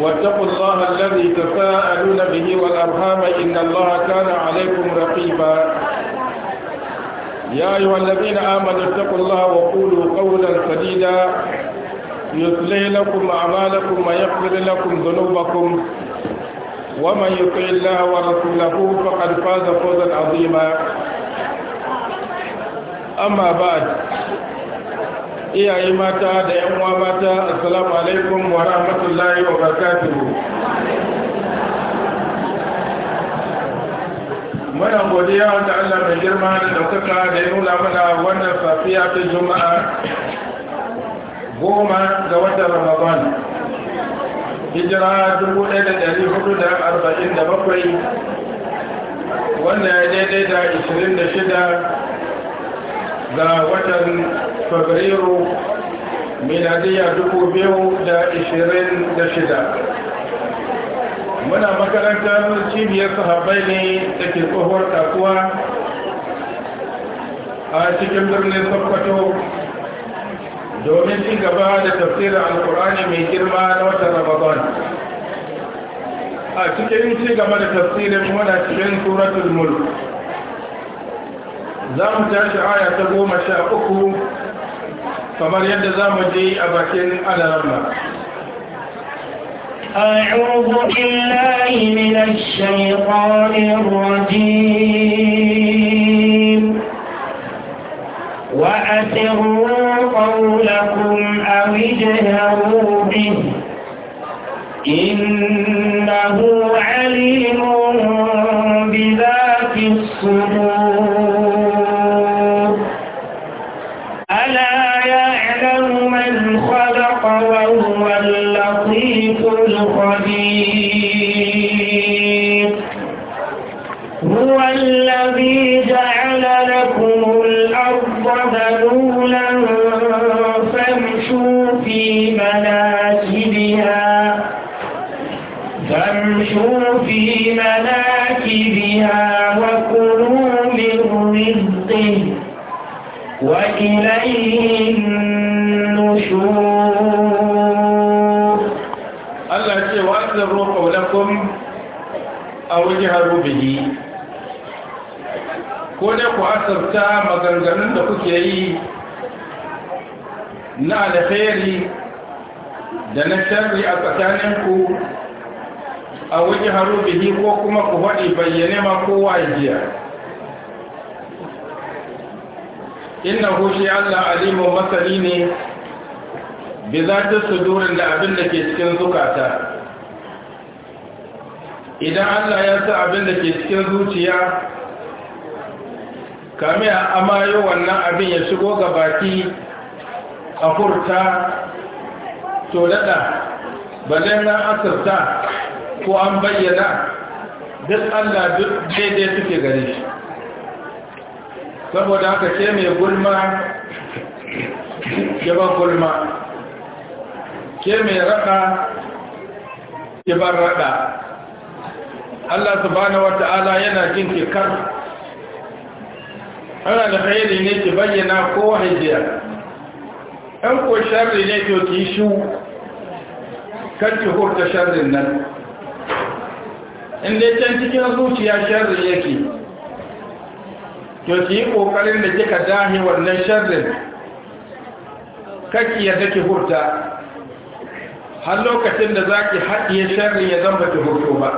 واتقوا الله الذي تساءلون به والأرهام إن الله كان عليكم رقيبا يا أيها الذين آمنوا اتقوا الله وقولوا قولا سديدا يصلح لكم أعمالكم ويغفر لكم ذنوبكم ومن يطع الله ورسوله فقد فاز فوزا عظيما أما بعد iyaye mata da yan uwa mata assalamu alaikum wa rahmatullahi wa barakatuhu muna godiya wanda Allah mai girma da daukaka da ya nuna mana wannan safiya ta juma'a goma ga watan ramadan hijira dubu 1447 wanda ya daidai da shida ga watan fabrairu miladiya dubu biyu da da shida muna makarantar cibiyar sahabai ne da ke tsohuwar kasuwa a cikin birnin sokoto domin ci gaba da tafsirin alkur'ani mai girma na watan ramadan a cikin ci gaba da tafsirin wana cikin suratul mulk za mu tashi aya ta goma sha uku kamar yadda za mu je a bakin alarma أعوذ بالله من الشيطان الرجيم وأسروا قولكم أو اجهروا به إنه عليم بذات الصدور ku asirta maganganun da kuke yi na alheri da na sharri a tsakaninku a wajen haru ko kuma ku faɗi bayyane ma kowa jiya inna hushe allah alimu masani ne bi za ta durin da abin da ke cikin zukata idan allah ya sa abin da ke cikin zuciya kame a amayo wannan abin ya shigo ga baki a furta to daɗa balai na asirta ko an bayyana duk allah duk daidai suke gare shi saboda haka ce mai gulma ba gulma ke mai raka ba raka allah subhanahu Ala yana jin kikar ana da hayari ne ki bayyana ko wahajiya an ko sharri ne to ki shu kan ki hurta sharrin nan inda can cikin zuciya sharri yake to ki yi ƙoƙarin da kika dahi wannan sharrin kaki yadda ki hurta har lokacin da zaki ki haɗiye sharrin ya zamba ki hurto ba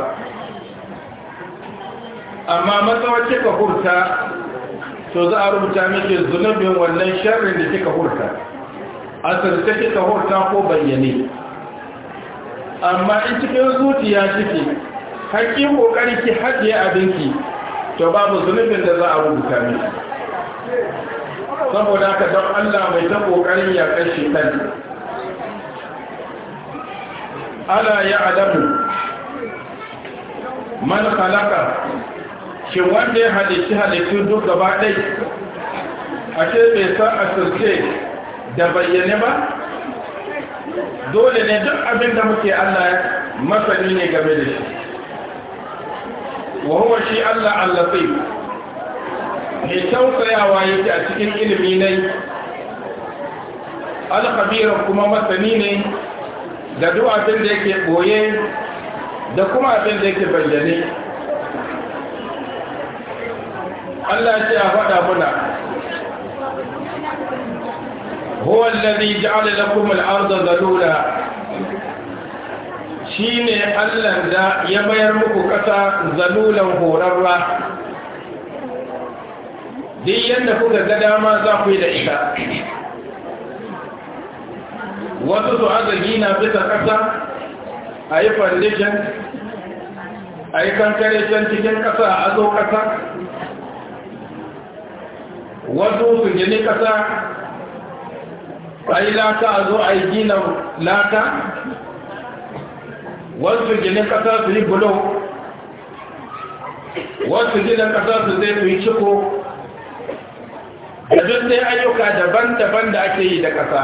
amma matsawar kika hurta to za a rubuta miki zunubin wannan sharrin da kika hurta asirce kika hurta ko bayyane amma in cikin zuciya kike hakkin kokari ki hajiye abinki to babu zunubin da za a rubuta miki saboda haka don Allah mai ta kokari ya kashe kan ala ya adamu man khalaqa Shin wanda ya halici halici duk gaba ɗai a ce bai san asirce da bayyane ba dole ne duk abin da muke allah masani ne game da shi wahuwa shi allah allafai mai tausayawa yake a cikin ilimi ne alkhabiran kuma masani ne da duk abin da yake ɓoye da kuma abin da yake bayyane Allah ce a faɗa muna huwa allazi ja'ala lakum al-ardha dalula shine Allah da ya bayar muku ƙasa zalulan horarwa duk yadda kuka ga dama za ku yi da ita wasu su azagi na bisa ƙasa a yi fandishin a yi kankare can cikin ƙasa a azo ƙasa wasu su ne kasa a laka a zo a yi gina laka wasu gini kasa su yi bulo wasu gina kasa su zai su yi ciko da duk dai ayyuka daban-daban da ake yi da kasa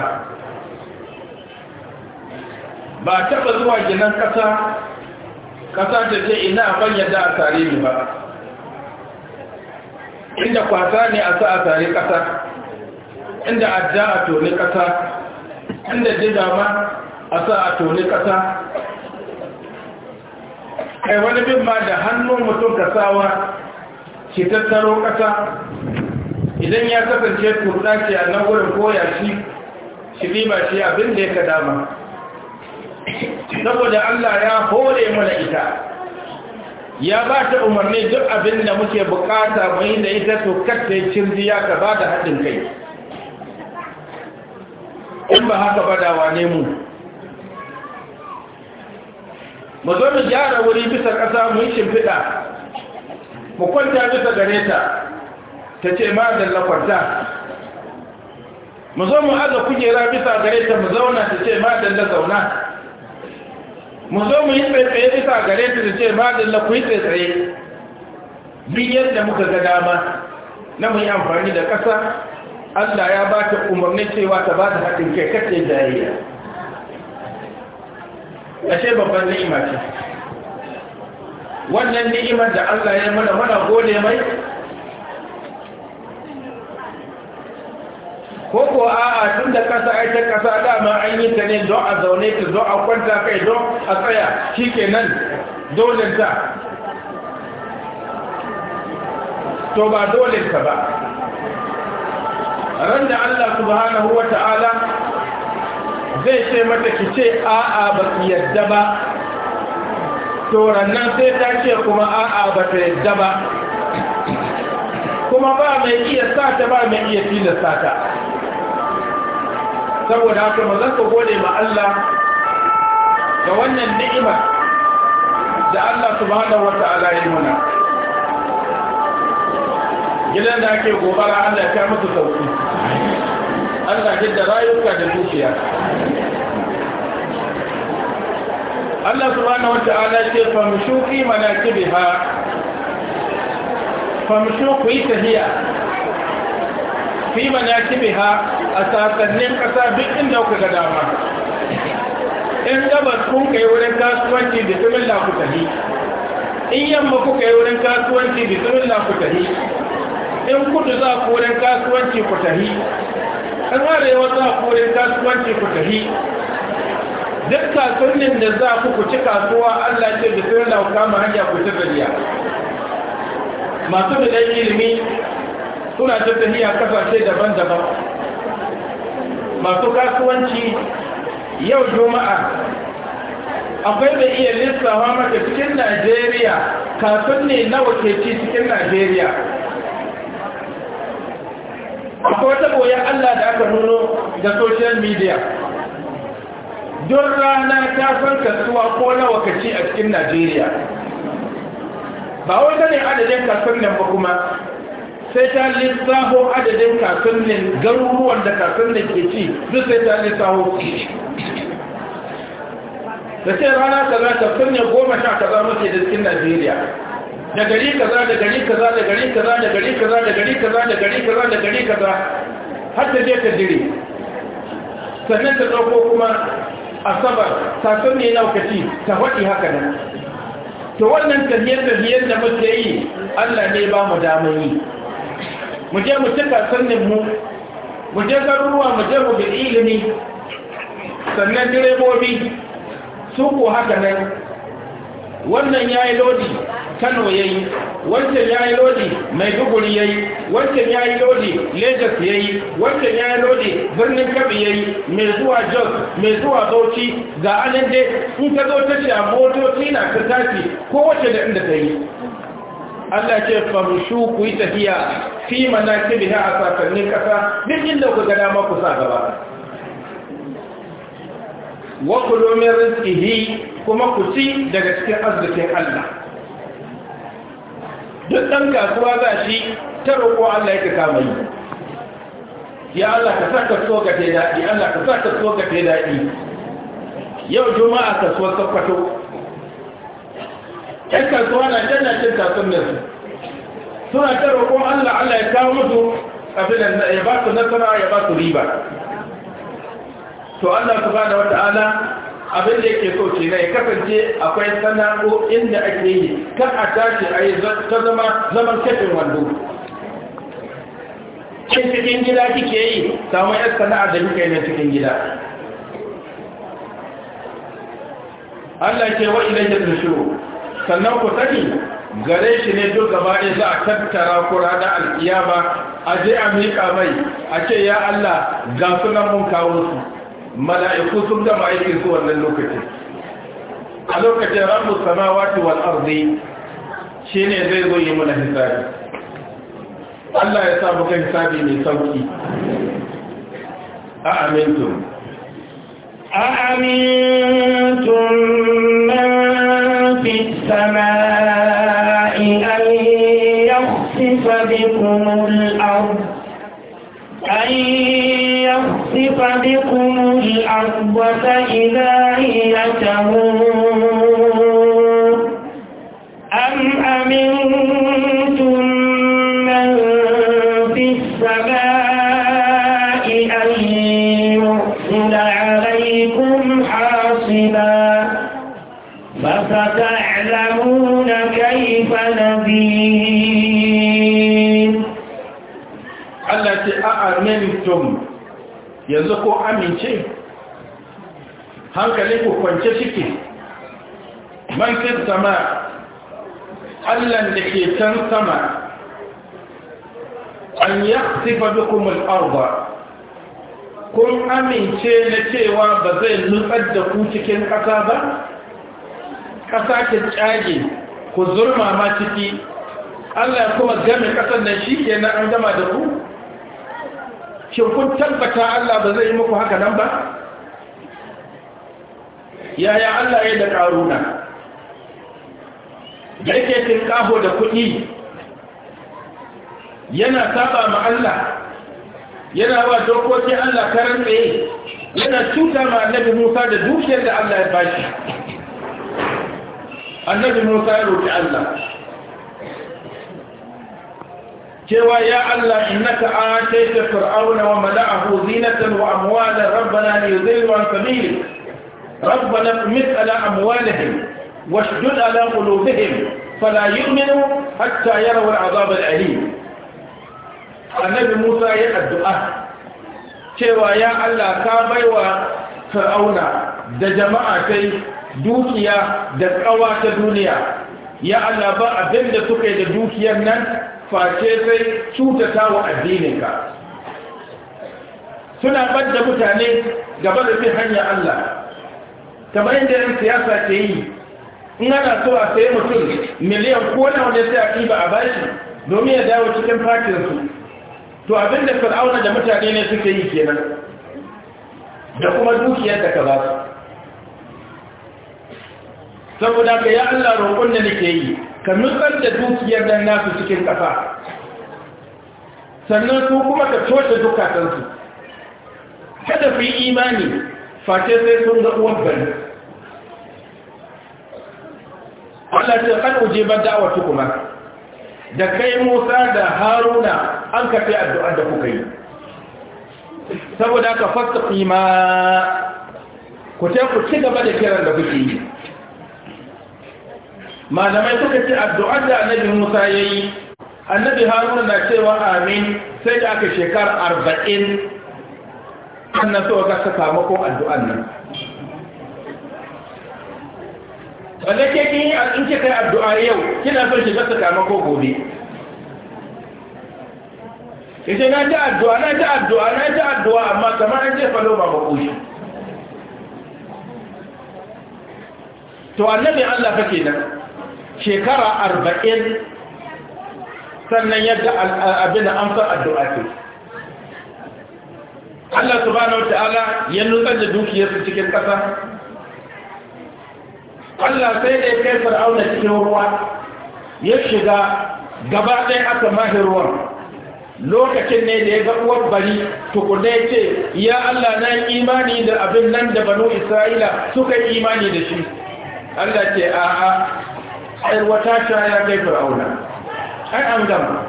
ba taba zuwa ginin kasa kasa ta ce ina ban da a tarihi ba inda kwasa ne a sa a tare ƙasa inda adda a toni ƙasa inda jidama a sa a toni ƙasa kai wani bin ma da hannun mutum kasawa ke tattaro ƙasa idan ya kasance turɗa ce a nan wurin koya shi shi riba shi abin da ya ka dama saboda allah ya hore mana ita ya ba ta umarni duk abin da muke bukata mai da ita to kacce cirjiya ka ba da haɗin kai in ba haka badawa ne mu mu zo mu gyara wuri bisa ƙasa mu yi shimfiɗa mu kwanta bisa gare ta ta ce ma da lakwanta mu zo mu aza kujera bisa gare ta mu zauna ta ce ma da zauna mu zo mu yi tsaye bisa gare ta da ce ba da ku yi tsaye bin yadda muka ga dama na mu yi amfani da ƙasa Allah ya ba ta umarnin cewa ta ba ta haɗin kai kacce jayayya ashe babban ni'ima ce wannan ni'imar da Allah ya mana mana gode mai ko ko a'a tun da kasa ai ta kasa dama an yi ta ne don a zaune ta don a kwanta kai don a tsaya shikenan dole ta to ba dole ta ba ran da Allah subhanahu ta'ala, zai ce mata ki ce a'a ba ki yadda ba to rannan sai ta ce kuma a'a ba ta yadda ba kuma ba mai iya sata ba mai iya tilasta ta saboda haka maza ka gode ma Allah da wannan ni'imar da Allah subhanahu wata'ala ya muna gidan da ake gobara Allah ya musu sauki Allah jidda rayuka da dukiya Allah subhanahu wata'ala ce famshu fi manakibiha famshu ku yi tahiya fi ha a sasannin ƙasa duk inda ku ga dama in gabas kun kai wurin kasuwanci da bismillah ku in yamma ku kai wurin kasuwanci da bismillah ku in kudu za ku wurin kasuwanci ku tafi in arewa za ku wurin kasuwanci ku tafi duk kasuwannin da za ku ku ci kasuwa Allah ce bismillah ku kama hanya ku ci masu da ilimi suna ta tafiya kasashe daban-daban masu kasuwanci yau juma'a akwai da iya lissawa maka cikin najeriya kafin ne nawa ke cikin najeriya akwai wata boyan allah da aka nuno da social media don rana ta san kasuwa ko nawa ka a cikin najeriya ba wata ne adadin kasuwan nan ba kuma sai ta lissaho adadin kafin ne garuruwan da kakannin ke ci duk sai ta lissaho da sai rana ta ta kakannin goma sha kaza muke da cikin najeriya da gari kaza da gari kaza da gari kaza da gari kaza da gari kaza da gari kaza da gari kaza har ta je ta dire sannan ta ɗauko kuma asabar ne naukaci ta faɗi haka nan to wannan tafiyar-tafiyar da muke yi Allah ne ba mu damar yi mu je mu cika sannin mu mu je garuruwa mu je mu bi ilimi sannan direbobi su ko haka nan wannan ya lodi kano ya yi wancan ya yi lodi maiduguri ya yi wancan ya yi lodi lagos ya yi wancan ya yi lodi birnin kabi ya yi mai zuwa jos mai zuwa bauchi ga anan dai in ka zo ta motoci na ta tashi ko wacce da inda ta yi Allah ce famshu ku yi tafiya fi biya a sakannin ƙasa, duk inda ku ga dama ku sa gaba wa ku min rizqihi kuma ku ci daga cikin arzikin Allah duk ɗan kasuwa za shi ta roƙo Allah yake kama yi ya Allah ka saka so ka dai daɗi. Allah ka saka so ka dai daɗi. yau juma'a kasuwar sakwato ‘yan kasuwa na can na cin kasuwannin suna ta roƙon Allah Allah ya kawo musu abin ya ba su nasara ya ba su riba to Allah subhanahu wata'ala abin da yake so kenan ya kasance akwai sana'o'in da ake yi kan a tashi a yi ta zama zaman kafin wando cikin gida kike yi samun yan sana'a da kika yi na cikin gida Allah ke wa ilayya tushuru sannan ku sani gare shi ne duk gaba ɗaya za a tattara kura da alƙiyama a je a miƙa mai a ce ya Allah ga sunan mun kawo su mala'iku sun gama aikin su wannan lokacin a lokacin rabu samawati wal arzi shi ne zai zo yi mana hisabi Allah ya sa muka hisabi mai sauki a amintum a amintum بكم الأرض أن يخسف بكم الأرض فإذا هي تمور أم أمنتم من في السماء أن يرسل عليكم حاصبا فسكت yanzu ko amince hankali ku kwance ciki man fi sama allan da ke can sama an ya sifa dukumul arba kun amince na cewa ba zai nutsar da ku cikin ƙasa ba ƙasa ke tsage ku zurma ma ciki allah kuma gami ƙasar nan shi ke na an gama da ku shin kun tabbata Allah ba zai yi muku haka nan ba yaya Allah ya da ƙaruna da yake tinkaho da kuɗi yana saba ma Allah yana ba dokokin Allah karar tsaye yana cuta ma annabi Musa da dukiyar da Allah ya bashi annabi Musa ya roƙi Allah cewa ya Allah innaka ataita fir'auna wa mala'ahu zinatan wa amwalan rabbana li yudhillu an sabilik ربنا اطمس على أموالهم واشدد على قلوبهم فلا يؤمنوا حتى يروا العذاب الأليم annabi musa ya addu'a cewa ya allah ka baiwa fir'auna da jama'a kai dukiya da kawa ta duniya ya allah ba abin da da dukiyar nan face sai cutata wa addininka suna ɓadda mutane gaba da fi hanyar Allah kamar yadda yan siyasa ke yi in ana so a sayi mutum miliyan ko na wani sai a ɗiba a bashi domin ya dawo cikin fatinsu to abinda fir'auna da mutane ne suke yi kenan da kuma dukiyar da ka ba su saboda ka ya Allah roƙon da nake yi ka nutsar da dukiyar dan nasu cikin ƙasa sannan su kuma ka toshe dukatansu kada ku yi imani face sai sun ga uwar gani Allah ce kan uje ba da'awatu kuma da kai Musa da Haruna an kafe addu'ar da kuka yi saboda ka fasta ma, ku ce ku ci gaba da kiran da kuke yi malamai suka ce addu'ar da annabi musa ya yi annabi haruna na cewa amin sai da aka shekar arba'in sannan so ga makon addu'an nan wanda ke kin yi in kika yi addu'a yau kina son shiga sakamako gobe yace na ta addu'a na ta addu'a na ta addu'a amma kamar an jefa falo ba kushi to annabi Allah fa kenan shekara arba'in sannan yadda abin an fi addu'a ce Allah subhanahu wa ta'ala ya nutsar da dukiyarsu cikin ƙasa Allah sai da ya kai fir'auna cikin ruwa ya shiga gaba ɗaya aka mahi ruwan lokacin ne da ya ga uwar bari tukuna ya ce ya Allah na imani da abin nan da banu isra'ila suka yi imani da shi Allah ce a'a aiwata wata ta ya kai fir'auna ai an gama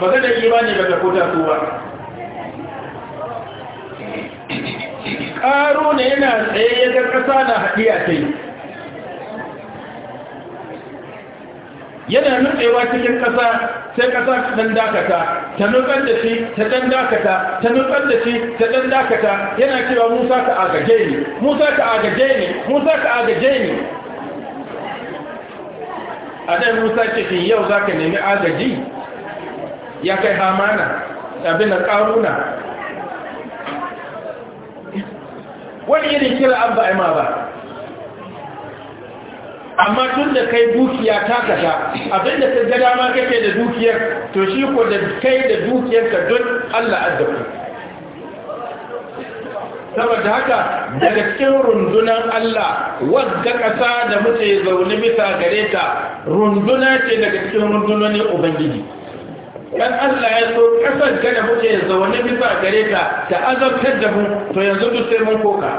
magana imani ba daga kota su ba karo ne yana tsaye ya ga ƙasa na haɗiya ta yi yana nutsewa cikin ƙasa sai ƙasa ɗan dakata ta nutsar da shi ta ɗan dakata ta nutsar da shi ta ɗan dakata yana cewa musa ka agaje ne musa ka agaje ne musa ka agaje ne annabi Musa ce shin yau ka nemi agaji ya kai hamana tabi na ƙaruna wani irin kira an ba ma ba amma tun da kai dukiya ta kasa abinda da gada ma kake da dukiyar to shi ko da kai da dukiyarka don Allah addabu saboda haka daga cikin rundunar Allah wadda ƙasa da muke zaune bisa gare ta runduna ce daga cikin rundunonin Ubangiji dan Allah ya so ƙasar da muke zaune bisa gare ta ta azabtar da mu to yanzu duk sai mun koka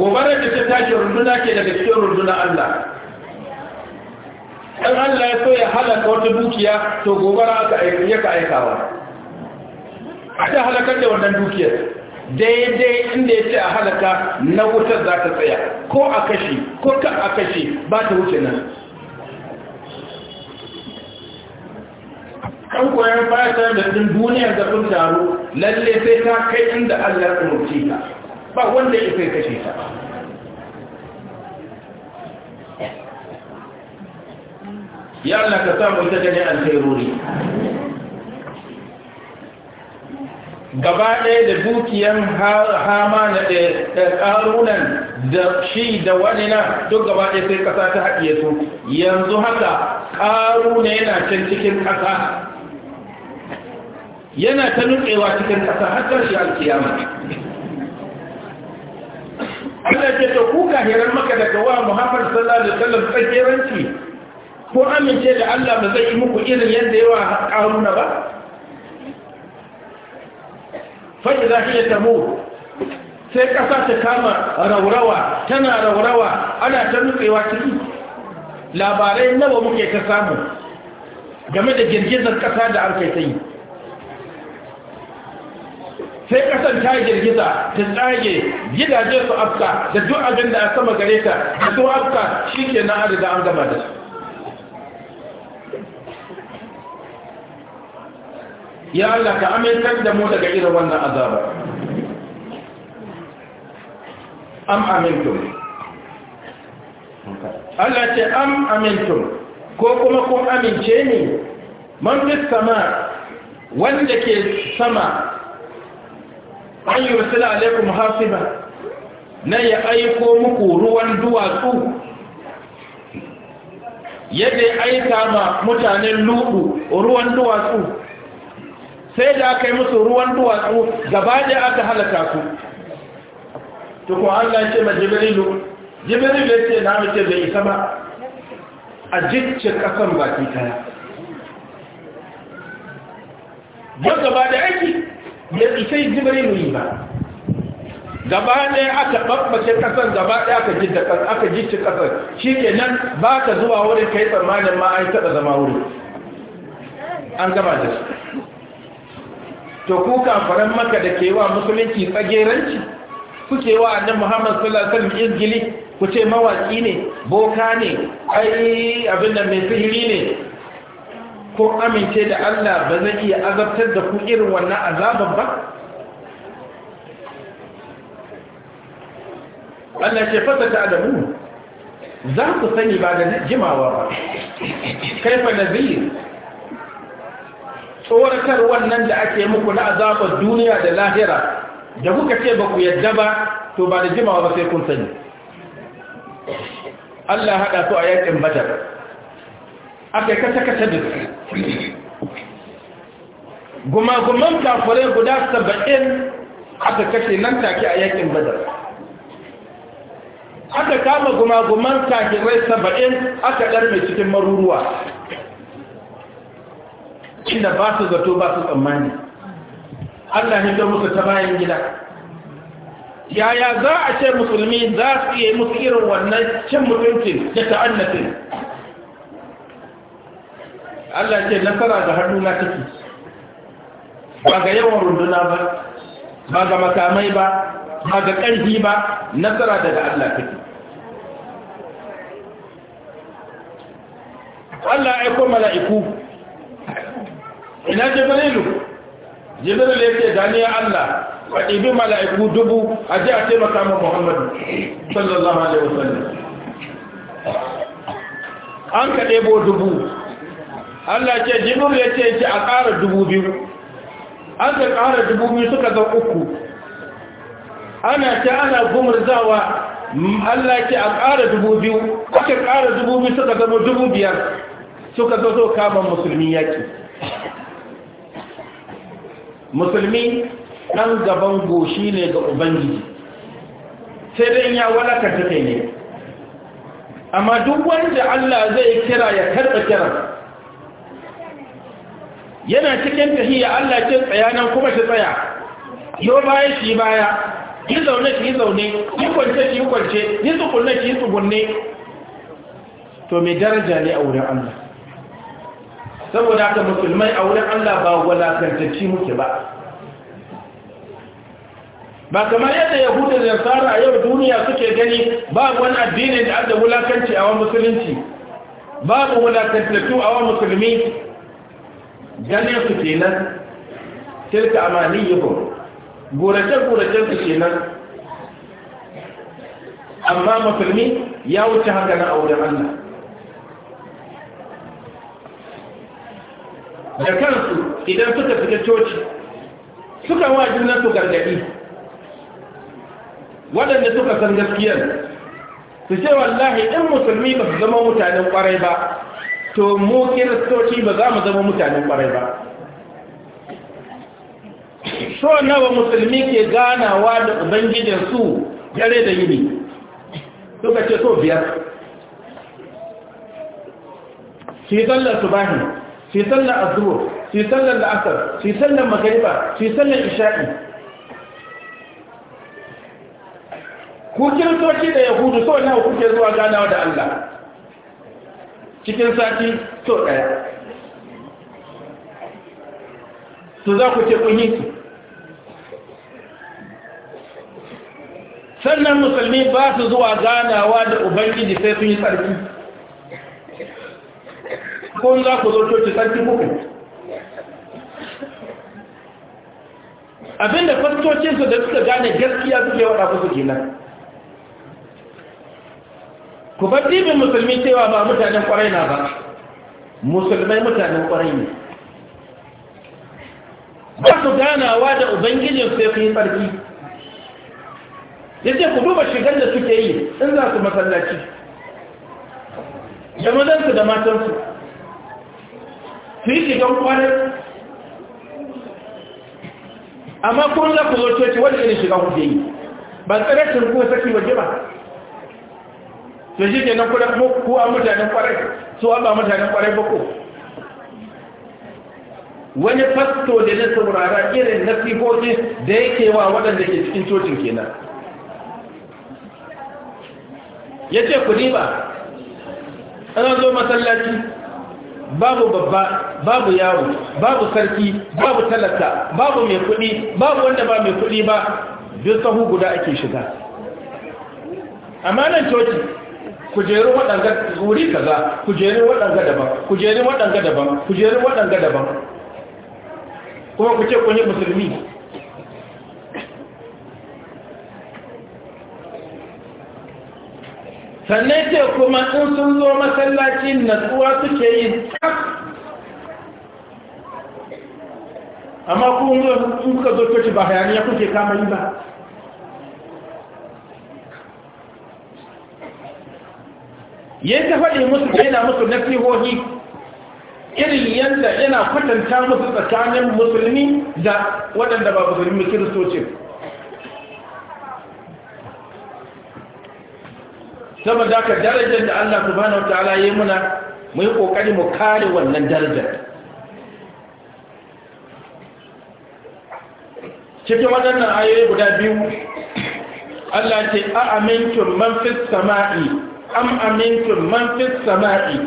gobarar da ta tashi runduna ke daga cikin rundunar Allah in Allah ya so ya halaka wata dukiya to gobara aka aiki ya ka aikawa a ta halakar da wannan dukiyar daidai inda ya ce a halaka na wutar za ta tsaya ko a kashe ko kan a kashe ba ta wuce nan kan koyar fayatar da sun duniyar da sun taru lalle sai ta kai inda Allah ya umarci ta ba wanda ya kai kashe ta ya Allah ka samu ita gani alkhairori gaba ɗaya da dukiyan hama na ƙarunan da shi da wani na duk gaba ɗaya sai ƙasa ta haɗiye su yanzu haka ƙaru ne yana can cikin ƙasa yana ta nutsewa cikin ƙasa har ƙarshe alkiyama Allah ce ta kuka hirar maka daga wa Muhammad sallallahu alaihi wasallam tsakiranci ko amince da Allah ba zai yi muku irin yadda yawa ƙaruna ba fadi za shi ya tamo sai ƙasa ta kama raurawa tana raurawa ana ta nutsewa ciki labarai nawa muke ta samu game da girgizar ƙasa da an kai ta yi sai ƙasar ta girgiza ta tsage gidaje su afka da duk abin da a sama gare ta da duk afka shi ke na adada an gama da su ya Allah ka amintar da mu daga irin wannan azaba am amintum Allah ce am amintum ko kuma kun amince ni man fi sama wanda ke sama an yi alaikum hasiba na ya aiko muku ruwan duwatsu yadda ya aika ma mutanen lubu ruwan duwatsu sai da aka yi musu ruwan duwatsu gaba da aka halaka su ko Allah ce ma jibrilu jibrilu ya ce na mace bai isa ba a jicce kasan baki kaya ya gaba da aiki ya isa jibrilu yi ba gaba ɗaya aka babbace ƙasar gaba ɗaya aka jidda ƙasar aka jicce ƙasar shi ke nan ba ka zuwa wurin kai tsammanin ma taɓa zama wurin an gaba da shi to ku kafaran maka da ke wa musulunci tsageranci kuke wa annan muhammad sallallahu alaihi wasallam izgili ku ce mawaki ne boka ne ai abin da mai sihiri ne ko amince da allah ba zai iya azabtar da ku irin wannan azaban ba allah ce fata ta adamu za ku sani ba da jimawa ba kaifa nazir tsoratar wannan da ake muku na azabar duniya da lahira da kuka ce ba ku yadda ba to ba da jimawa ba sai kun sani Allah haɗa su a yankin badar aka kasa-kasa da su gumaguman kafirai guda saba'in aka kashe nan take a yakin badar aka kama gumaguman kafirai saba'in aka mai cikin maruruwa inda ba su zato ba su tsammani Allah ne ga musu ta bayan gida yaya za a ce musulmi za su iya musu irin wannan cin mutuncin da ta'annatin Allah ce nasara da hannu na take ba ga yawan runduna ba ba ga makamai ba ba ga ƙarfi ba nasara daga Allah take Allah ya aiko mala'iku ina jibrilu jibrilu yake gani ya Allah a ibi mala'iku dubu a ji a taimaka ma muhammadu sallallahu alaihi wasallam an ka ɗebo dubu Allah ce jibrilu yake ce a ƙara dubu biyu an ka ƙara dubu biyu suka zan uku ana ce ana zawa. Allah ce a ƙara dubu biyu aka ƙara dubu biyu suka zama dubu biyar suka zo kama musulmi yaƙi musulmi ɗan gaban goshi ne ga ubangiji sai dai ya ta kai ne amma duk wanda Allah zai kira ya karɓa kira yana cikin tahiyya Allah ce tsaya kuma ta tsaya yo baya shi baya yi zaune ki zaune yi kwance ki kwance yi tsugunne ki tsugunne to mai daraja ne a wurin Allah saboda haka musulmai a wurin Allah ba walakantacci muke ba ba kamar yadda yahudu da nasara a yau duniya suke gani ba wani addinin da aka wulakanci a wa musulunci babu wulakantattu a wa musulmi ganin su kenan tilka amaniyihu gurace-gurace su nan amma musulmi ya wuce haka na auren Allah da kansu idan suka fita coci suka wa juna su gargaɗi waɗanda suka san gaskiyar su ce wallahi ɗan musulmi ba su zama mutanen ƙwarai ba to mu kiristoci ba za mu zama mutanen ƙwarai ba so nawa musulmi ke ganawa da ubangijinsu dare da yini suka ce so biyar shi zallar su bahin su yi sallar azur su yi sallar la'asar su yi sallar magariba su yi sallar isha'i ku kiristoci da yahudu so nawa kuke zuwa ganawa da allah cikin sati so ɗaya su za ku ce kun yi su sannan musulmi ba su zuwa ganawa da ubangiji sai sun yi tsarki ko za ku zo coci sarki kuka abinda fastocinsu da suka gane gaskiya suke wada kusa gina. ku bar dibin musulmi cewa ba mutanen kwarai na ba musulmai mutanen kwarai ne ba su ganawa da ubangijin sai su yi tsarki ya ce ku duba shigar da suke yi in za su masallaci da mazansu da matansu fiye don kwanar amma kun za ku zo coci wani irin shiga kuke yi ba shi kuma saki waje ba to shi ke nan kuna kuwa mutanen kwarai su an ba mutanen kwarai ba ko wani fasto da na saurara irin na sifofi da yake wa waɗanda ke cikin cocin kenan ya ce ku ba ana zo masallaci babu babba babu yawo babu sarki babu talaka babu mai kuɗi babu wanda ba mai kuɗi ba duk sahu guda ake shiga amma nan coci kujeru waɗanga wuri kaza kujeru waɗanga daban kujeru waɗanga daban kujeru waɗanga daban kuma ku ce kun yi musulmi sannan ce kuma in sun zo masallaci natsuwa suke yi amma kun ka zo coci ba hayaniya kuke kama yi ba ya ta faɗi musu yana musu nasihohi irin yadda yana kwatanta musu tsakanin musulmi da waɗanda ba musulmi kiristocin saboda haka darajar da Allah subhanahu wataala ya yi muna mu yi kokari mu kare wannan darajar cikin waɗannan ayoyi guda biyu Allah ce a amintun man fi sama'i am amintun man fi sama'i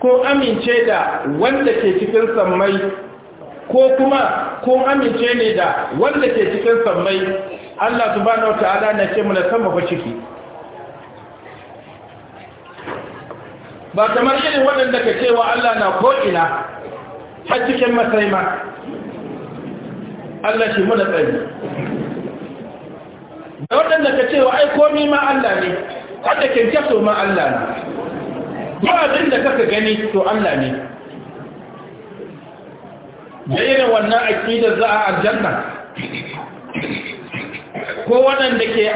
ko amince da wanda ke cikin sammai ko kuma ko amince ne da wanda ke cikin sammai Allah subhanahu wataala na ce mu na sama fa ciki ba kamar irin waɗanda ka cewa Allah na ko'ina har cikin matsayi ma Allah shi muna tsari da waɗanda ka cewa ai komi ma Allah ne haɗa kyankyaso ma Allah ne ba abin da kaka gani to Allah ne da irin wannan aƙidar za a aljanna ko waɗanda ke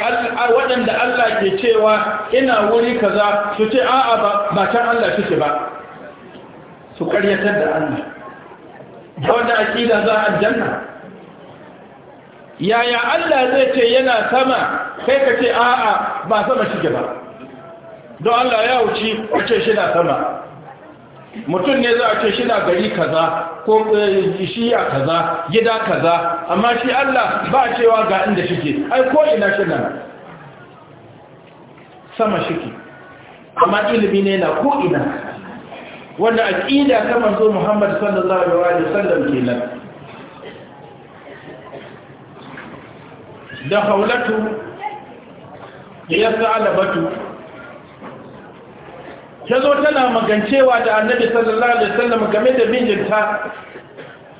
waɗanda Allah ke cewa ina wuri kaza su ce a'a ba ba can Allah suke ba su ƙaryatar da Allah da wanda aƙida za a janna yaya Allah zai ce yana sama kai ka ce a'a ba sama shige ba don Allah ya wuce wace shi na sama mutum ne za a ce shi na gari kaza ko eh, shi a kaza gida kaza amma shi Allah ba cewa ga inda shike ai ko ina shi nan sama shike amma ilimi ne na ko ina wanda aqida ta manzo Muhammad sallallahu alaihi wasallam kenan da haulatu ya sa'alabatu ta zo tana magancewa da annabi sallallahu alaihi wasallam game da mijinta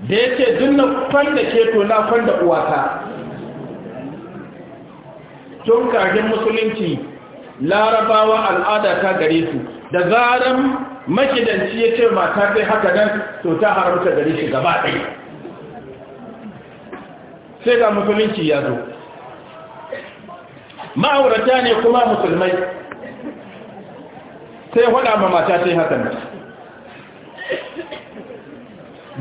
da yake dinna kwanda ke to na kwanda uwata tun kafin musulunci larabawa al'ada ta gare su da zaran makidanci ya ce mata kai haka nan to ta haramta gare shi gaba ɗaya sai ga musulunci ya zo ma'aurata ne kuma musulmai sai hada ma mata ta yi hakan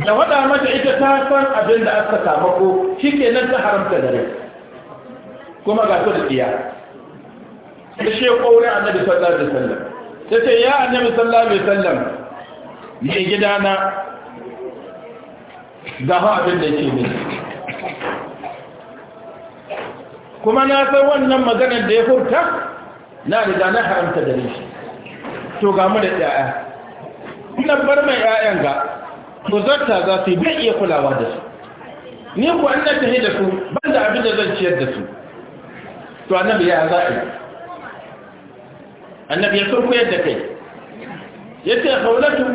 da hada mata ita ta san abin da aka samako shi ke nan ta haramta dare. kuma ga su da tsiya da shi ƙaurin annabi sallallahu alaihi wasallam ta ce ya annabi sallallahu alaihi wasallam mai gidana ga abin da yake ne kuma na san wannan maganar da ya furta na riga na haramta dare. shi to ga mu da ƴaƴa ina bar mai ƴaƴan ga to zarta za su bai iya kulawa da su ni ku an da tafi da su ban da abin da zan ciyar da su to annabi ya za a yi annabi ya sun koyar da kai ya ce haulatu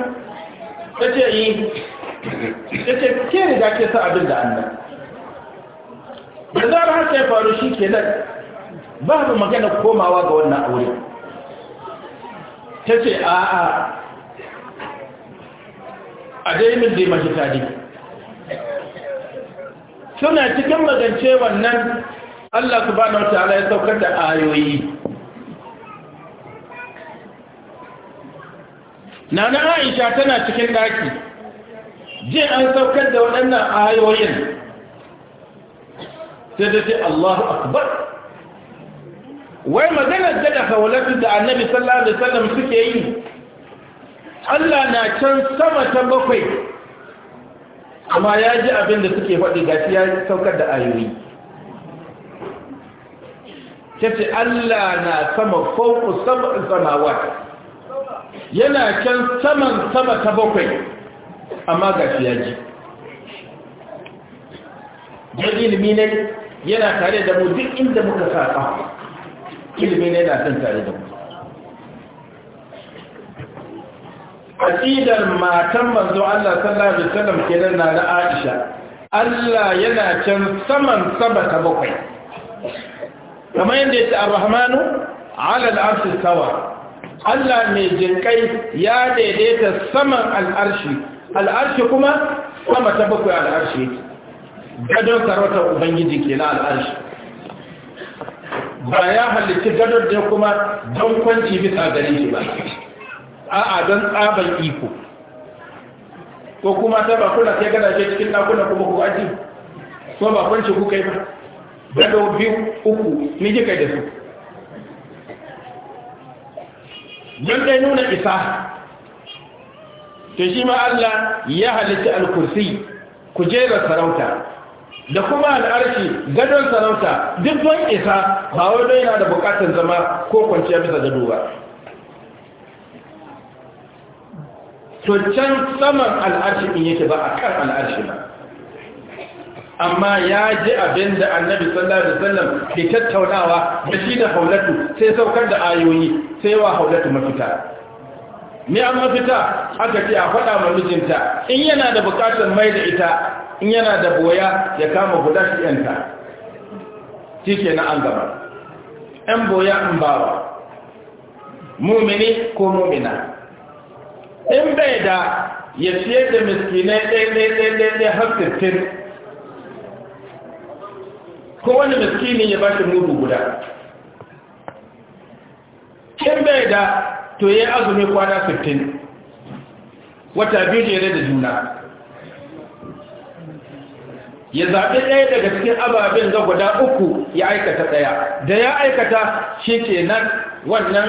ta ce yi eh. ya ce ke riga ke sa abin da annabi da zarar haka ya faru shi ke nan ba mu magana komawa ga wannan aure ta ce a a a daimin zai mashi tadi suna cikin magance wannan Allah subhanahu wa ta'ala ya saukar da ayoyi nana Aisha tana cikin daki je an saukar da waɗannan ayoyin sai da ce Allahu akbar wai maganar da daga kawalatu da annabi sallallahu alaihi wasallam suke yi Allah na can sama ta bakwai amma ya ji abin da suke faɗi ga ya saukar da ayoyi kace Allah na sama fauku sama samawat yana can saman sama ta bakwai amma ga ya ji da ilmi ne yana tare da mu duk inda muka sa ilimi ne na san tare da ku. aqidar matan manzo Allah sallallahu alaihi wasallam kenan na da Aisha Allah yana can saman saba ta bakwai kamar yadda ya ce ar-rahmanu ala al-arshi sawa Allah mai jinkai ya daidaita saman al'arshi al'arshi kuma sama ta bakwai al'arshi gadon sarautar ubangiji ke na al'arshi ba ya halitta gadon da kuma don kwanci bisa gare shi ba a'a don tsaban iko ko kuma ta ba kuna sai gada ke cikin ɗakuna kuma ku aji ko ba kwanci ku kai ba gado biyu uku ni kai da su don dai nuna isa to shi ma Allah ya halitta al-kursi ku jera sarauta da kuma al'arshi gadon sarauta duk don isa ba wai don yana da bukatun zama ko kwanciya bisa gado ba to can saman al'arshi in yake ba a kan al'arshi ba amma ya ji abin da annabi sallallahu alaihi wasallam ke tattaunawa da shi da haulatu sai saukar da ayoyi sai wa haulatu mafita Ni an mafita aka ce a faɗa ma mijinta in yana da bukatar mai da ita in yana da boya ya kama guda shi yanta shi ke na an gaba ‘yan boya in bawa mumini ko mumina in bai da ya fiye da miskinai ɗaiɗaiɗaiɗaiɗai har sittin wani miskini ya ba shi mudu guda in bai da to ya azumi kwana sittin wata biyu jere da juna ya zaɓi ɗaya daga cikin ababen ga guda uku ya aikata ɗaya da ya aikata shi ke nan wannan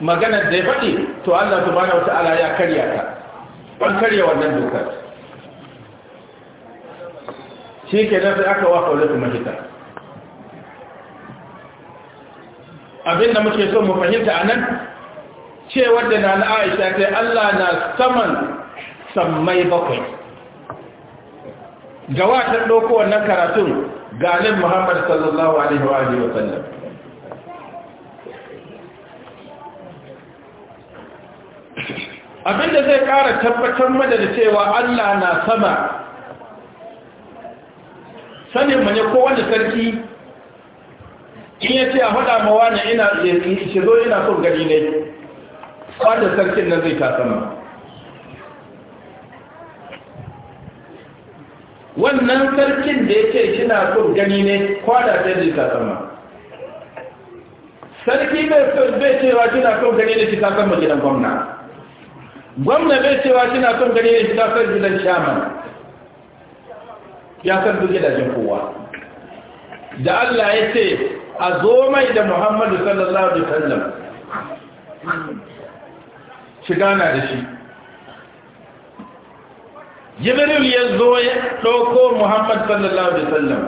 maganar da ya faɗi to Allah wata ala ya karya ta an karya wannan dokar shi ke nan sai aka waka wani mahita Abin da muke so mu fahimta a nan cewar da na na aisha sai Allah na saman sammai bakwai ga watan ɗauko wannan karatun ganin muhammad sallallahu alaihi wa alihi wasallam abinda zai ƙara tabbatar mada da cewa allah na sama sanin mane ko wanda sarki in ya ce a faɗa mawa na ina shi zo ina son gari ne wanda sarkin nan zai ta sama. wannan sarkin da ya ce so son gani ne kwada ta yi sama sarki bai cewa kina son gani ne kika san gidan gwamna gwamna bai cewa kina son gani ne kika san gidan shaman ya san duk gidajen kowa da Allah ya ce a zo mai da Muhammadu sallallahu alaihi wasallam shiga na da shi jibril ya zo ya ɗauko muhammad sallallahu alaihi wasallam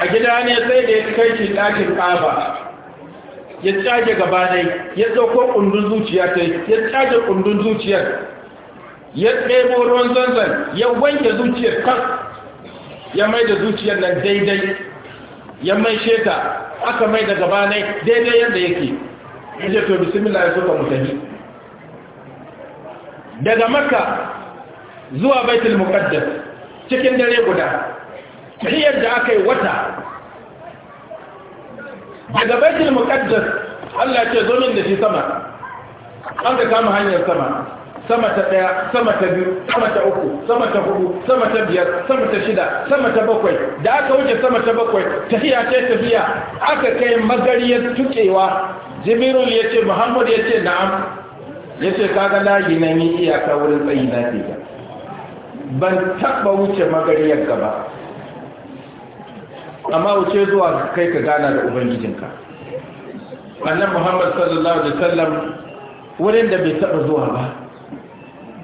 a gida ne sai da ya kai shi ɗakin ƙaba ya cage gaba dai ya ɗauko ƙundun zuciya ta ya cage ƙundun zuciyar ya ɗebo ruwan zanzan ya wanke zuciyar kan ya mai da zuciyar nan daidai ya mai sheta aka mai da gaba dai daidai yadda yake ya ce to bismillah ya ka mutane daga maka zuwa baitul muqaddas cikin dare guda tahiyar da aka yi wata daga baitul muqaddas Allah ce zo min da shi sama an ga kama hanyar sama sama ta daya sama ta biyu sama ta uku sama ta hudu sama ta biyar sama ta shida sama ta bakwai da aka wuce sama ta bakwai tafiya ta tafiya aka kai magariyar tukewa jibril ya ce muhammad ya ce na'am ya ce kaga layi na yi iyaka wurin tsayi na ce ba ban taɓa wuce magariyar ka ba amma wuce zuwa kai ka gana da ubangijinka annan muhammad sallallahu alaihi wasallam wurin da bai taɓa zuwa ba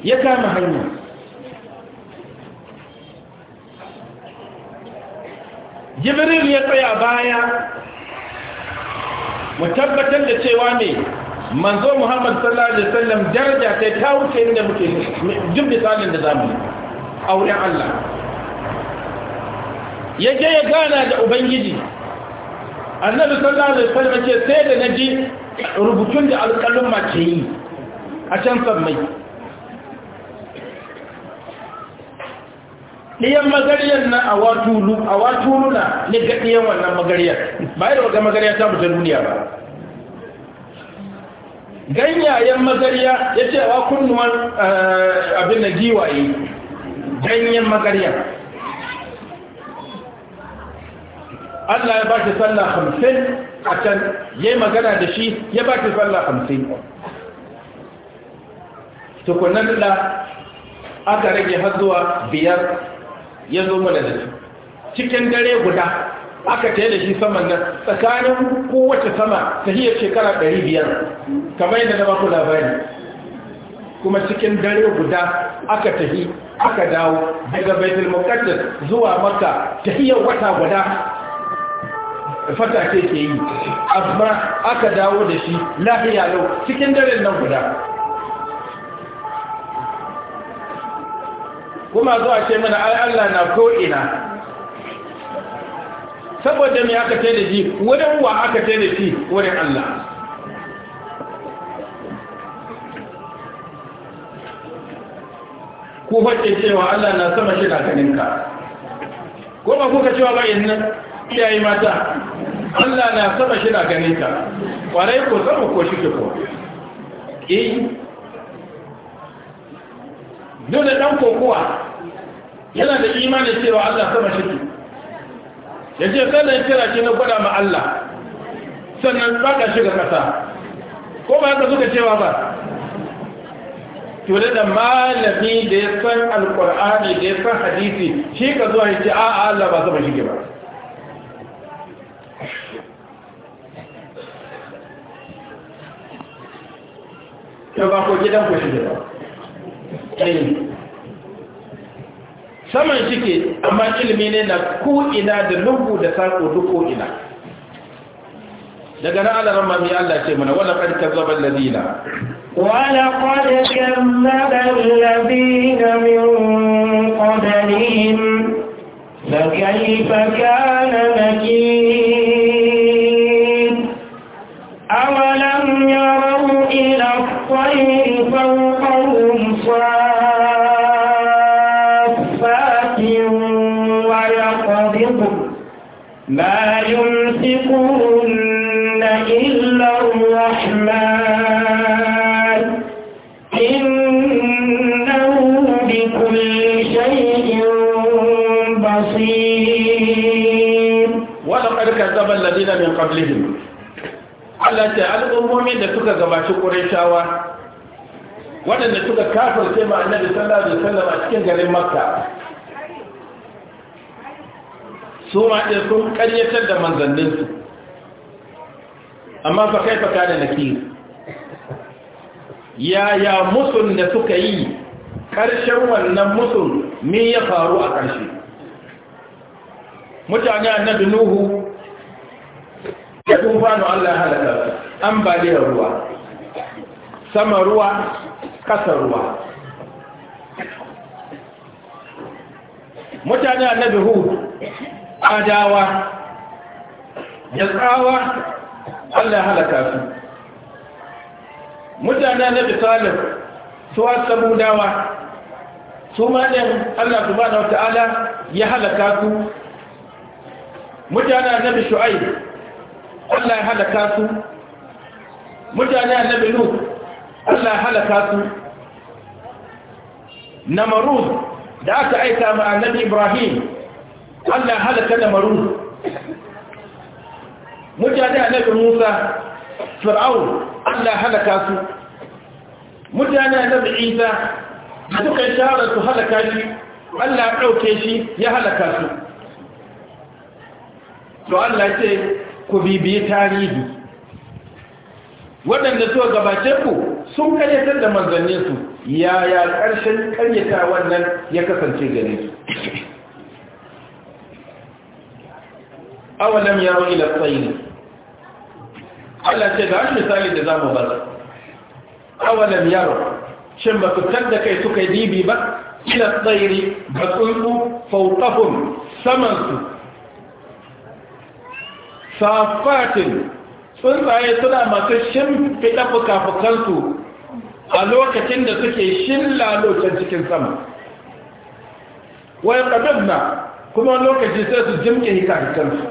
ya kama hanya jibril ya tsaya baya mu tabbatar da cewa ne manzo muhammad sallallahu alaihi wasallam daraja ta ta wuce inda muke duk salin da zamu a wurin Allah ya je ya gana da ubangiji annabi sallallahu alaihi wasallam ce sai da naji rubutun da alƙalin ke yi a can sammai ɗiyan magariyar na a watulu a watuluna ne ga ɗiyan wannan magariyar ba yi da waga ta mutu duniya ba ganyayen magariya ya ce wa kunnuwan eh, abin da giwaye ganyen magariya Allah ya ba sallah hamsin a can ya yi magana da shi ya ba shi sallah hamsin tukunan da aka rage har zuwa biyar ya zo mana da cikin dare guda aka taya da shi saman nan tsakanin kowace sama ta hiyar shekara ɗari biyar kamar yadda na baku labari kuma cikin dare guda aka tahi aka dawo daga baitul muqaddas zuwa makka ta hiyar wata guda fata ce ke yi amma aka dawo da shi lafiya lau cikin dare nan guda kuma zuwa ce mana ai Allah na ko'ina saboda me aka tsaye da shi wurin wa aka tsaye da shi wurin Allah ku faɗe cewa Allah na sama shi dakaninka ko ba kuka cewa ba yanzu iyaye mata Allah na sama shi dakaninka kwarai ko sama ko shi ko eh dole dan kokowa yana da imanin cewa Allah sama shi ya ce ya kira ce na gwada ma Allah sannan baka shiga kasa ko ba haka suka cewa ba tuni da malami da ya san alkur'ani da ya san hadisi shi ka zuwa ya ce a'a Allah ba su ba shige ba ya ba ko gidan ku shige ba eh. saman shike amma ilimi ne na ko'ina da lungu da saƙo duk ko'ina daga na alaran mami Allah ce mana wala ƙarƙa zaɓar lazina wala ƙarƙar zaɓar lazina min ƙodanin da kai fa kana nakiri al'ummomin da suka gabaci ƙuraishawa waɗanda suka kafirce ma annabi sallallahu alaihi wasallam a cikin garin makka su ma ɗin sun ƙaryatar da manzanninsu amma fa kai faka da nakir yaya musun da suka yi ƙarshen wannan musun me ya faru a ƙarshe mutane annabi nuhu ya fano Allah ya halaka ambaliyar ruwa sama ruwa kasa ruwa mutane annabi hu adawa ya tsawa allah halaka su mutane annabi talib suwa samudawa su maɗin allah subhanahu ala ya halaka su mutane annabi shu'ai allah ya halaka su mutane annabi nu Allah halaka su namarud da aka aika ma annabi ibrahim Allah halaka namarud mutane annabi musa fir'aun Allah halaka su mutane annabi isa da duka shahara su halaka shi Allah ya ɗauke shi ya halaka su to Allah ya ce ku bibiyi tarihi waɗanda suka gabace ku sun karyatar da manzanninsu yaya ƙarshen karyata wannan ya kasance gare su awalam wani ila ne. Allah ce ga misali da zamu ba awalam yaro shin ba su da kai suka dibi ba ila tsari. ba tsuntsu fauqahum samansu safatin tsuntsaye suna masu shimfiɗa fuka-fukansu a lokacin da suke shin lokacin cikin sama wai ɗabin na kuma lokaci sai su jimke hikahikansu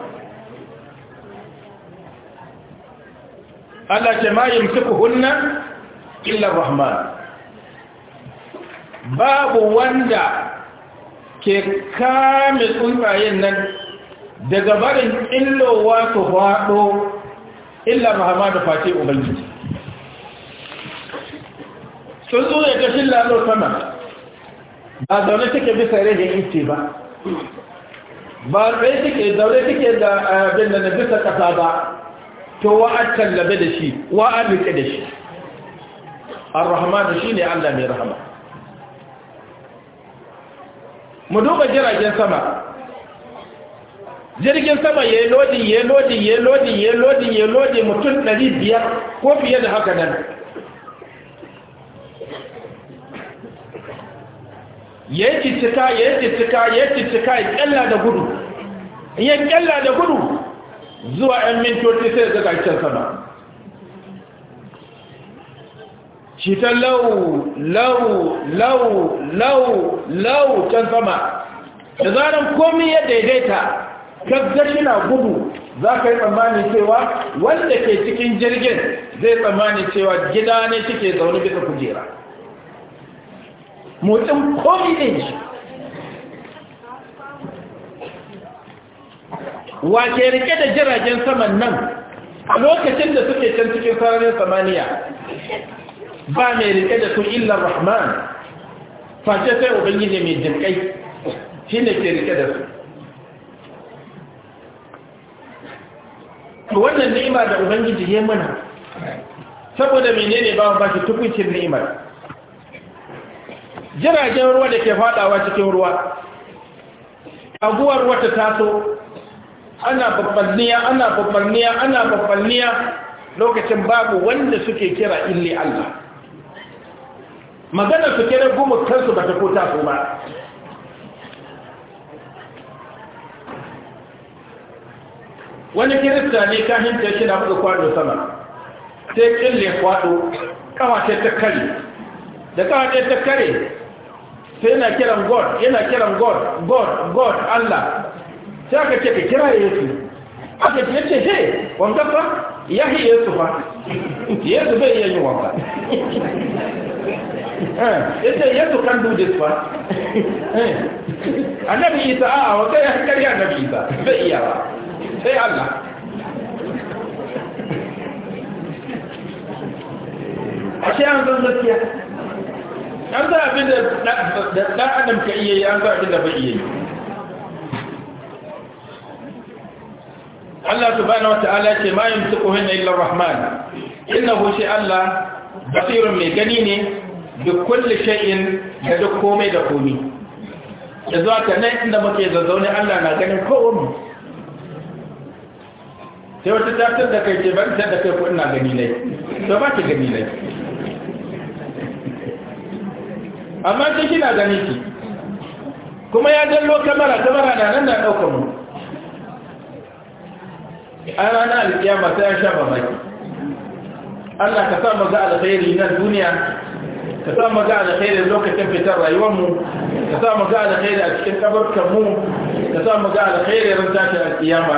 Allah ke ma yimsiku hunna illar rahman babu wanda ke kame tsuntsayen nan daga barin illowa su faɗo illa mahamadu fati ubangiji sun tsura gashin lalo sama ba zaune take bisa rage ice ba ba zai take zaune take da abin da na bisa ƙasa ba to wa'ad kallabe da shi wa'ad rike da shi ar shi ne Allah mai rahama mu duba jiragen sama jirgin sama ya yi lodin ya yi lodin ya yi lodin ya yi lodin ya yi lodin mutum biyar ko fiye da haka nan ya yi cicika ya yi cicika ya yi cicika ya kyalla da gudu ya kyalla da gudu zuwa 'yan mintoci sai zaga can sama shi ta lau lau lau lau lau can sama da zaran komai ya daidaita kaga na gudu za ka yi tsammani cewa wanda ke cikin jirgin zai tsammani cewa gida ne suke zaune bisa kujera motsin komi ɗin shi ke rike da jiragen saman nan a lokacin da suke can cikin sararin samaniya ba mai rike da su illa rahman face sai ubangiji mai jirgai shi ne ke rike da su to wannan ni'ima da ubangiji ya mana saboda menene ba mu ba shi tukuncin ni'imar jiragen ruwa da ke fadawa cikin ruwa aguwar wata taso ana babbalniya ana babbalniya ana babbalniya lokacin babu wanda suke kira illi Allah magana su kira gumu kansu ba ta ko taso ba wani kirista ne ka ta shi na buga kwado sama sai kille kwado kawace ta kare da kawace ta kare sai yana kiran god yana kiran god god god allah sai aka ce ka kira yesu aka ce ce he wanda fa ya hi yesu fa yesu bai iya yin wanka eh, ya ce yesu kan do this fa eh, annabi isa a'a wata ya karya annabi isa bai iya ba sai Allah a ce an zan zafiya an za abin da ɗan’adam ka iya yi an za abin da ba iya yi Allah subhanahu wata'ala ce ma yamsiku hinna illar rahman innahu hushe Allah basirun mai gani ne da kulle sha'in da duk komai da komai zuwa ta nan inda muke zazzaune Allah na ganin kowanne. sai wata tafiyar da kai ce bari da kai kuɗin na gani ne to ba ki gani ne amma sai na gani ki kuma ya dallo kamera kamera na nan na dauka mu a ranar alkiyama sai ya sha mamaki Allah ka sa maza alkhairi na duniya ka sa maza alkhairi lokacin fitar rayuwar mu ka sa maza alkhairi a cikin kabarkan mu ka sa mu ga alkhairi ran a kiyama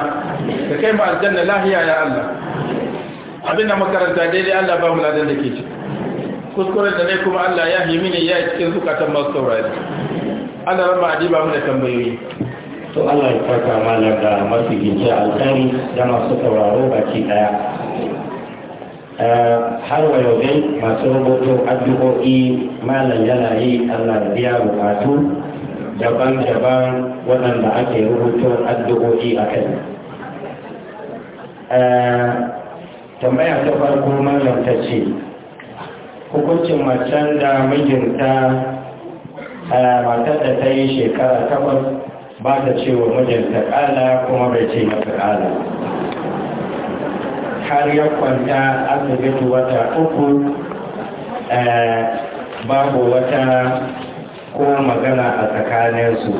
ka kai mu aljanna lahiya ya Allah abin da makaranta daidai Allah ba mu ladan da ke ci kuskuren da ne kuma Allah ya yi mini ya cikin zukatan masu saurari Allah ran ma adiba mu da tambayoyi to Allah ya farka malar da masu gince alkhairi da masu sauraro baki daya eh, har wa yau dai masu rubutu addu'o'i malam yana yi Allah ya biya bukatu daban-daban waɗanda ake rubuto addu'o'i a kai eh, tambaya ta farko mallam ta ce hukuncin macen da mijinta eh, matar da ta yi shekara takwas ba ta ce wa mijinta ƙala kuma bai ce mata ƙala har ya kwanta asibiti wata uku eh, babu wata ko magana a tsakaninsu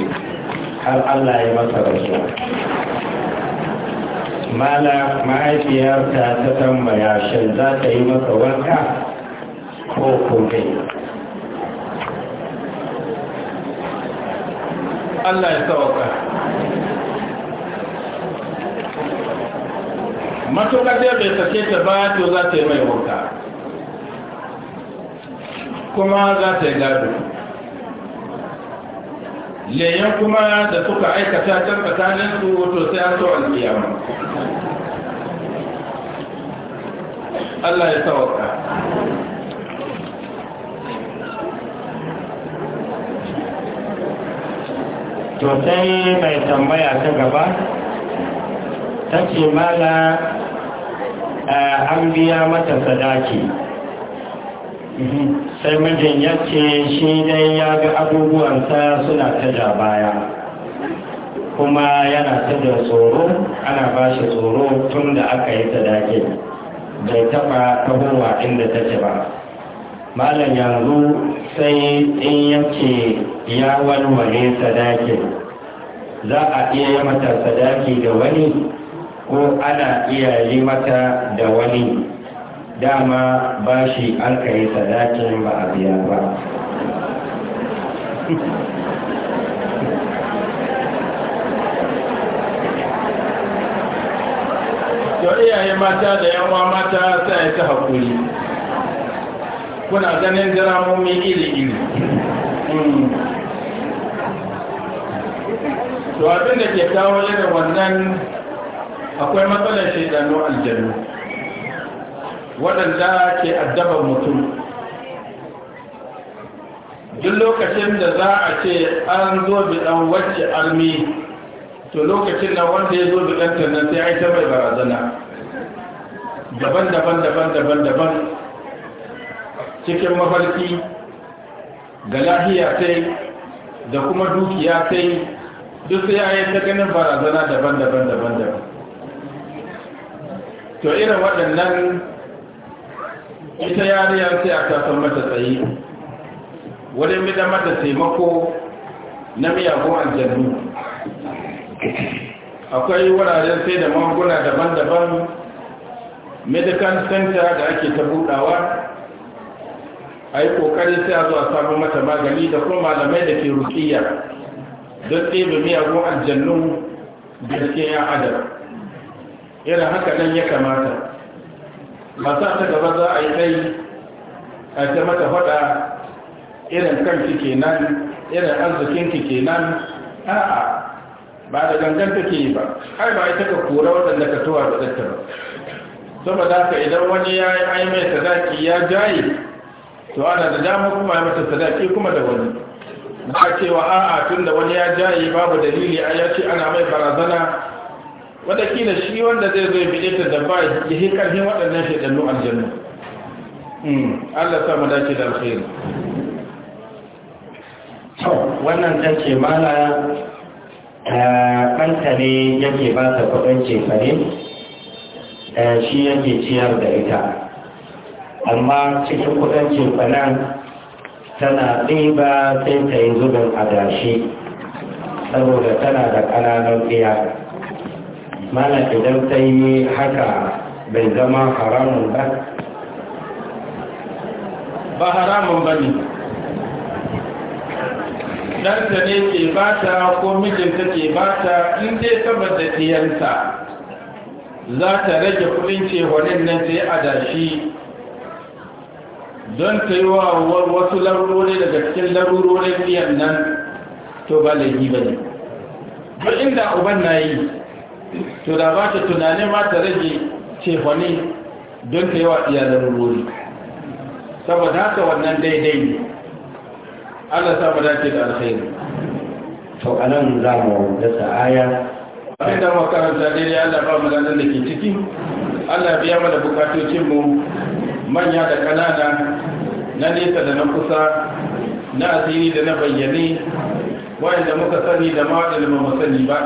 har Allah ya masa rasuwa mala mahaifiyarta ta tambaya shin za ta yi masa wanka ko kome Allah ya sauka matuƙar zai bai sake ta ba to za ta yi mai wanka kuma za ta yi gado leyan kuma da suka aikata can tsakanin su wato sai an so alkiyama Allah ya sauka to sai mai tambaya ta gaba ta ce mala eh, an biya mata sadaki sai mijin ya ce shi dai ya ga abubuwansa suna ta ja baya kuma yana ta da tsoro ana ba shi tsoro tun da aka yi sadake bai taɓa tahowa inda ta ce ba malam yanzu sai in ya ce ya walwale sadake za a iya yi mata sadaki da wani ko ana iya yi mata da wani dama ba shi an sadakin ba a biya ba to iyaye mata da yawa mata sai ta haƙuri kuna ganin jiramomi iri-iri to abin da ke kawo irin wannan akwai matsalar shaidanu aljanu waɗanda ke addaban mutum duk lokacin da za a ce an zo biɗan wacce almi to lokacin na wanda ya zo biɗanta nan sai aita mai barazana daban-daban daban-daban daban cikin mafarki ga lahiya sai da kuma dukiya sai duk sai ya yi ta ganin barazana daban-daban daban-daban to irin waɗannan ita yariyar sai a kasar mata tsaye wani mida mata taimako na miyagun aljannu akwai wuraren sai da daban-daban medical center da ake ta budawa a yi kokari sai a zuwa samun mata magani da kuma malamai da ke rukiya don ɗebe miyagun aljannu da suke yan adam irin haka nan ya kamata masa ta gaba za a yi kai a ta mata faɗa irin kanki kenan irin arzikinki kenan a'a ba da gangan ke yi ba ai ba ita ka kura waɗanda ka tuwa da ɗanta ba saboda haka idan wani ya yi ai mai sadaki ya jaye to ana da dama kuma ya mata sadaki kuma da wani Na cewa a'a tun da wani ya jaye babu dalili a ya ce ana mai barazana na shi wanda zai zai bi ita da ba ya yi ƙarfin waɗannan shaidannu aljanna hmm, Allah mu dace da to wannan dan ce mala eh, ta ne yake ba ta kuɗin cefane eh, shi yake ciyar da ita amma cikin kuɗin cefanen tana ɗiba sai ta yi zubin adashi saboda tana da ƙananan ɗiya mana idan ta yi haka bai zama haramun ba ba haramun ba ne ɗanta ne ke bata ko mijinta ke bata in dai saboda ɗiyanta za ta rage kudin cewanin nan zai a dashi don ta yi wa wasu larurori daga cikin larurorin biyan nan to ba laifi ba ne duk inda uban na yi to da ba ta tunanin ma ta rage cefane don ta yi wa iyalan wuri saboda haka wannan daidai ne allah sa mu dace da alkhairi to nan za mu dasa aya abin da makaranta daidai allah ba mu ranar da ke ciki allah biya mana bukatocinmu manya da kanana na nesa da na kusa na asiri da na bayyane wa'anda muka sani da ma waɗanda ba sani ba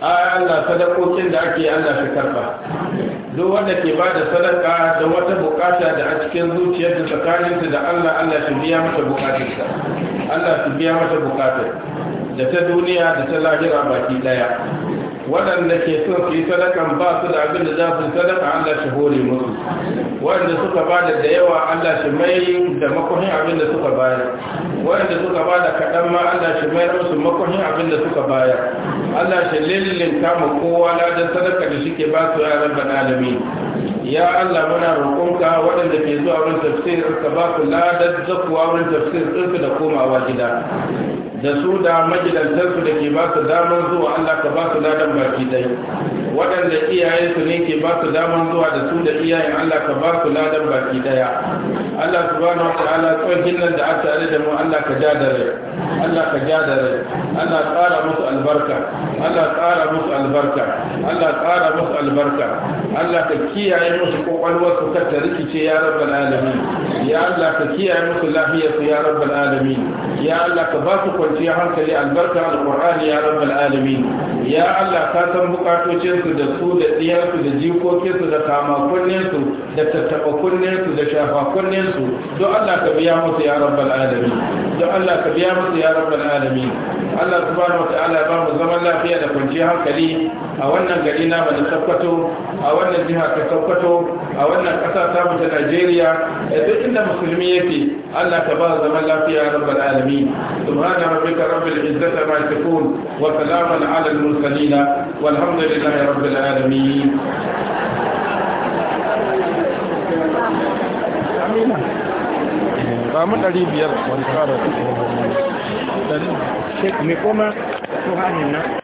ai Allah sadakokin da ake Allah shi karba duk wanda ke ba da sadaka da wata bukata da a cikin da tsakaninsa da Allah Allah shi biya mata bukatarsa Allah shi biya mata bukatar da ta duniya da ta lahira baki daya waɗanda ke son su yi sadakan ba su da abin da za su sadaka Allah shi hore musu waɗanda suka ba da yawa Allah shi mai da makonin abin da suka bayar waɗanda suka ba da kaɗan ma Allah shi mai musu makonin abin da suka bayar Allah shi lillin kama kowa ladan sadaka da shi ke ba su yaran ban alami ya Allah muna roƙonka waɗanda ke zuwa wurin tafsir ka ba su ladan zakuwa wurin tafsir ɗinsu da komawa gida da su da su da ke ba su damar zuwa Allah ka ba su ladan baki dai waɗanda su ne ke ba su damar zuwa da su da iyayen Allah ka ba su ladan baki daya Allah subhanahu wa ta'ala tsohon nan da aka tare da mu Allah ka ja da rai Allah ka ja da rai Allah tsara musu albarka Allah tsara musu albarka Allah tsara musu albarka Allah ka kiyaye musu kokwalwar su ta rikice ya rabbal alamin ya Allah ka kiyaye musu lafiyar su ya rabbal alamin ya Allah ka ba su kwanciyar hankali albarka alkur'ani ya rabbal alamin ya Allah ka san bukatocinsu da su da tsiyarsu da jikokinsu da kama kamakunninsu da tattaɓa tattaɓakunninsu da shafa shafakunninsu don Allah ka biya musu ya rabbal alamin don Allah ka biya musu ya rabbal alamin Allah subhanahu wataala ba mu zaman lafiya da kwanciyar hankali a wannan gari na ba da tabbato a wannan jiha ka tabbato a wannan ƙasa ta mu ta Najeriya duk inda musulmi yake Allah ka ba zaman lafiya ya rabbal alamin subhanahu ربك رب العزة ما يصفون وسلاما على المرسلين والحمد لله رب العالمين ɗari biyar wani ƙara ɗari